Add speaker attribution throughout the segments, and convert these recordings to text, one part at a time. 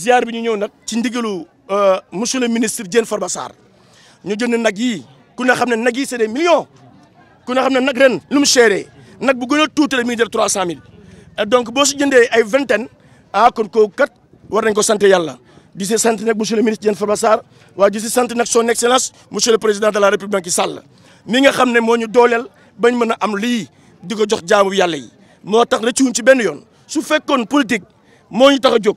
Speaker 1: ziar bi ñu ñëw nag ci ndigalu euh, monsieur le ministre Diène Farba Sarr ñu jënd nag yi ku ne xam ne nag yi c'est des millions ku ne xam ne nag ren lu mu chéré nag bu gën a tuuti rek mi ngi jël trois cent donc boo si jëndee ay vingtaine ah kon kooku kat war nañ ko sant yàlla di si sant nag monsieur le ministre Diène Farba Sarr waaye di sant nag son excellence monsieur le président de la république Macky Sall mi nga xam ne moo ñu dooleel bañ mën a am lii di ko jox jaamu yàlla yi moo tax rëccuwuñ ci benn yoon su fekkoon politique moo ñu tax a jóg.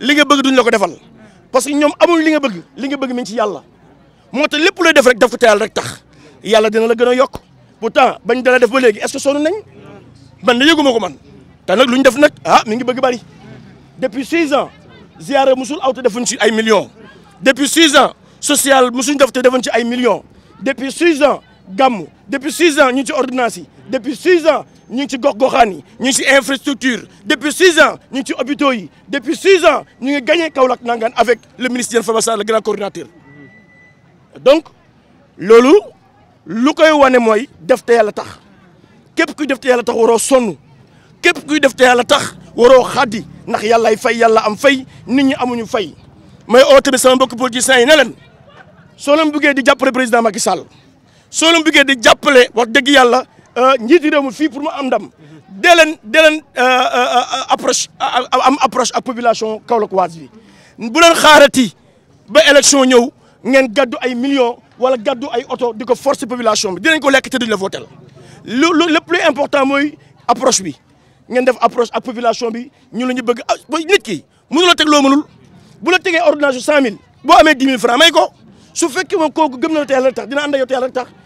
Speaker 1: li nga bëgg duñ la ko defal parce que ñoom amuñ li nga bëgg li nga bëgg mi ngi ci yàlla moo ta lépp looy def rek def ko teyal rek tax yàlla dina la gën a yokk pourtant bañ dala def ba léegi est ce que sonn nañ man de yëguma ko man te nag lu ñu def nag ah mi ngi bëgg bari depuis six ans ziara musul aw defuñ ci ay millions depuis six ans social musuñ def te defuñ ci ay millions depuis six ans gàmm depuis 6 ans ñu ci ordonnance depuis 6 ans ñu ci gox goxani yi ñu ci infrastructure depuis 6 ans ñu ci hôpitaux yi depuis 6 ans ñu ngi gagné Kaolack nangaan avec le ministre de Farba Sarr le grand coordinateur donc lolu lu koy wane moy def te yàlla tax kep ku def te yàlla tax waro sonu kep ku def te yàlla tax waro xadi ndax yàllaay fay yalla am fay nit ñi amuñu fay may autre sama mbokk politiciens yi ne leen soo leen buggee di jàppale président Macky Sall soo bi bëggee di jàppale wax dëgg yàlla euh, njiiti réew mi fii pour mu am dam dee leen dee leen euh, euh, approche am approche ak population Kaolack waas bi bu leen xaarati ba élection ñëw ngeen gaddu ay million wala gaddu ay oto di ko force population bi dinañ ko lekk te duñ la voté lu lu le plus important mooy approche bi ngeen def approche ak population bi ñu la ñu bëgg ah nit ki mënu la teg loo mënul bu la tegee ordonnance su 100000 boo amee 10 000 francs may ko su fekkee moom kooku gëm na teel tax dina ànd ak a tax.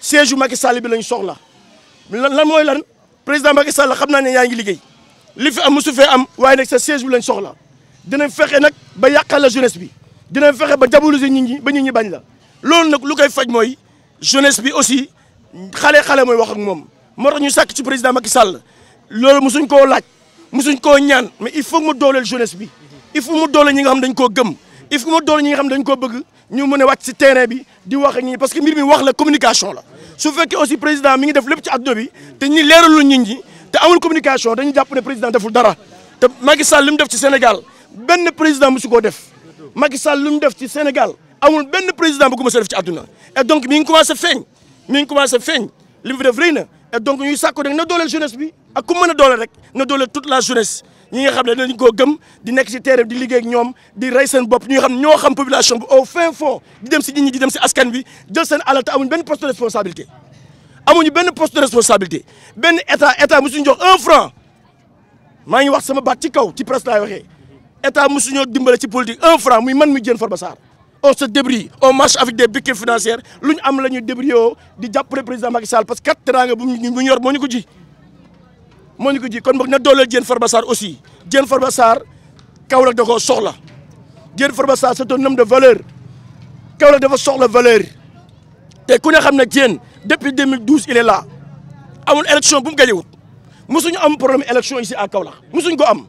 Speaker 1: siège yu Macky Sall bi lañ soxla lan lan mooy lan président Macky salla xam naa ne yaa ngi liggéey li fi am mosu fee am waaye nag sa siège bi lañ soxla dinañ fexe nag ba yàqal la jeunesse bi dinañ fexe ba diaboliser nit ñi ba nit ñi bañ la. loolu nag lu koy faj mooy jeunesse bi aussi xale xale mooy wax ak moom moo tax ñu sàkk ci président Macky Sall loolu mosuñ koo laaj mosuñ koo ñaan mais i faut mu dooleel jeunesse bi il faut mu dooleel ñi nga xam dañ koo gëm il faut mu dooleel ñi dañ koo bëgg. Nous mune a wàcc terrain parce que nous mi wax la communication la su que aussi président mi ngi def lépp ci adduna bi te ñi fait fait communications. amul communication président deful dara Macky Sall fait def Sénégal président Macky Sall Sénégal amul président et donc mi ngi commencé mi livre qui et donc ñuy la jeunesse Nous ak nous toute la jeunesse Nous avons des gens dañ ont gëm di nekk ci terrain di la ak population au fin fond di dem ci askan poste de responsabilité. amuñu une poste de responsabilité et état état un franc nous ngi wax sama baat ci kaw la presse état un franc on se débrouille on marche avec des béquilles financières lu ñu am la ñuy débrouillé di le président Macky Sall parce que kat teraanga bu ñu yor moo ñu ko ji. moo ñu ko des kon boog na dooleel Diène Farba Sarr aussi Diène Farba Sarr Kaolack da koo soxla Diène Farba c'est un homme de valeur Kaolack dafa soxla valeur te ku ne xam ne Diène depuis 2012 il est là amul élection bu mu Nous wut mosuñu am problème élection ici à Kaolack mosuñu ko am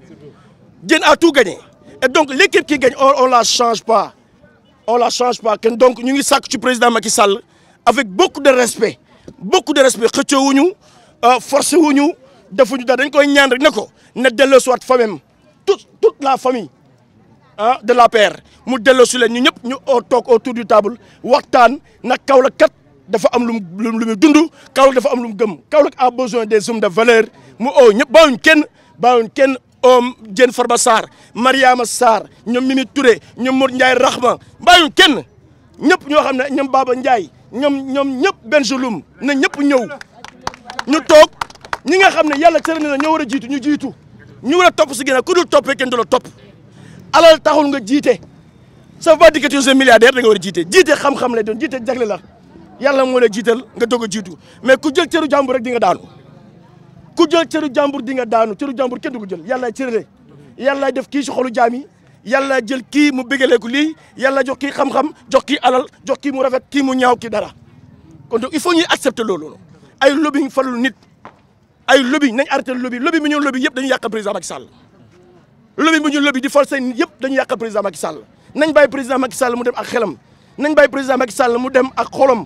Speaker 1: Diène a tout gagné et donc l'équipe qui gagne on la change pas on la change pas donc ñu ngi ci président Macky Sall avec beaucoup de respect beaucoup de respect wuñu euh, forcé wuñu defuñu dañ koy ñaan rek famem toute toute la famille hein, de la mu Nous la Nous ñu la autour du table waxtaan Nous nous kat dafa am lu Nous lu Nous dafa a besoin des hommes de valeur mu oom Diène Farba Sarr Mariama Sarr ñoom Mimi Touré ñoom Modou Ndiaye Rahma bàyyiwuñ kenn ñëpp ñoo xam ne ñoom Baba Ndiaye ñoom ñoom ñëpp benn julum na ñëpp ñëw ñu toog ñi nga xam ne yàlla cëra na ñoo war a jiitu ñu jiitu ñu war topp si ginnaaw ku dul toppee kenn du la topp alal taxul nga jiite ça veut pas dire que tu es milliardaire war a jiite jiite xam-xam lay doon jiite jagle la yàlla moo lay jiital nga doog a jiitu mais ku jël cëru jàmbur rek di daanu ku jël cëru jàmbur di nga daanu cëru jàmbur kenn du ko jël yàlla cërale yàlla def kii si xolu jaam yi yàlla jël kii mu bégalee ko lii yàlla jox kii xam-xam jox kii alal jox kii mu rafet kii mu ñaaw kii dara kon donc il faut ñuy accepter loolu ay lobby falul nit ay lobby nañ arrêté lobby lobby mu ñu lobi yëpp dañu yàqal président Macky Sall lobby bi ñu lobby di forcer nit yëpp dañu yàqal président Macky Sall nañ bay président Macky Sall mu dem a xelam nañ bay président Macky Sall mu dem ak xolam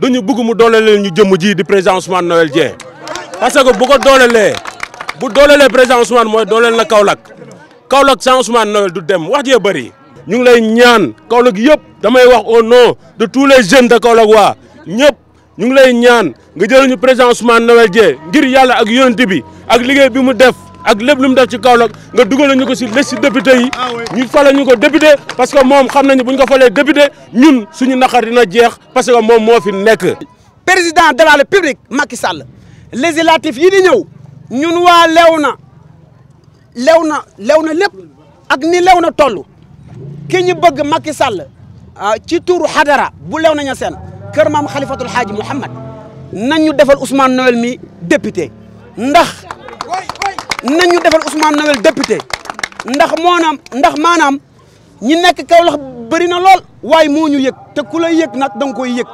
Speaker 1: du ñu bëgg mu dooleel ñu jëmm ji di président Ousmane Noël Dieng parce que bu ko doolelee bu doolelee président Ousmane mooy dooleel na Kaolack Kaolack sans Ousmane Noël du dem wax jee bëri ñu ngi lay ñaan Kaolack yëpp damay wax au no de tous les jeunes de Kaolack waa ñëpp ñu ngi lay ñaan nga jël ñu président Ousmane Noël ngir yàlla ak yonent bi ak liggéey bi mu def. ak lépp lu mu def ci Kaolack nga dugal ñu ko si liste député yi ah ñu fale ñu ko député parce que moom xam nañu bu ñu ko falee député ñun suñu naqar dina jeex parce que moom moo fi nekk. président de la république Macky Sall législatif yi ni ñëw ñun waa lew na na lew na lépp ak ni lew na toll ki ñu bëgg Macky Sall ah, ci tuuru xadara bu lew Léona Niassène kër maam xalifatul xaaji Mouhamad ñu defal Ousmane Noël mi député ndax. nañu defal Ousmane Noël député ndax moonaam ndax maanaam ñi nekk Kaolack bëri na lool waaye moo ñu yëg te ku lay yëg nag da nga koy yëg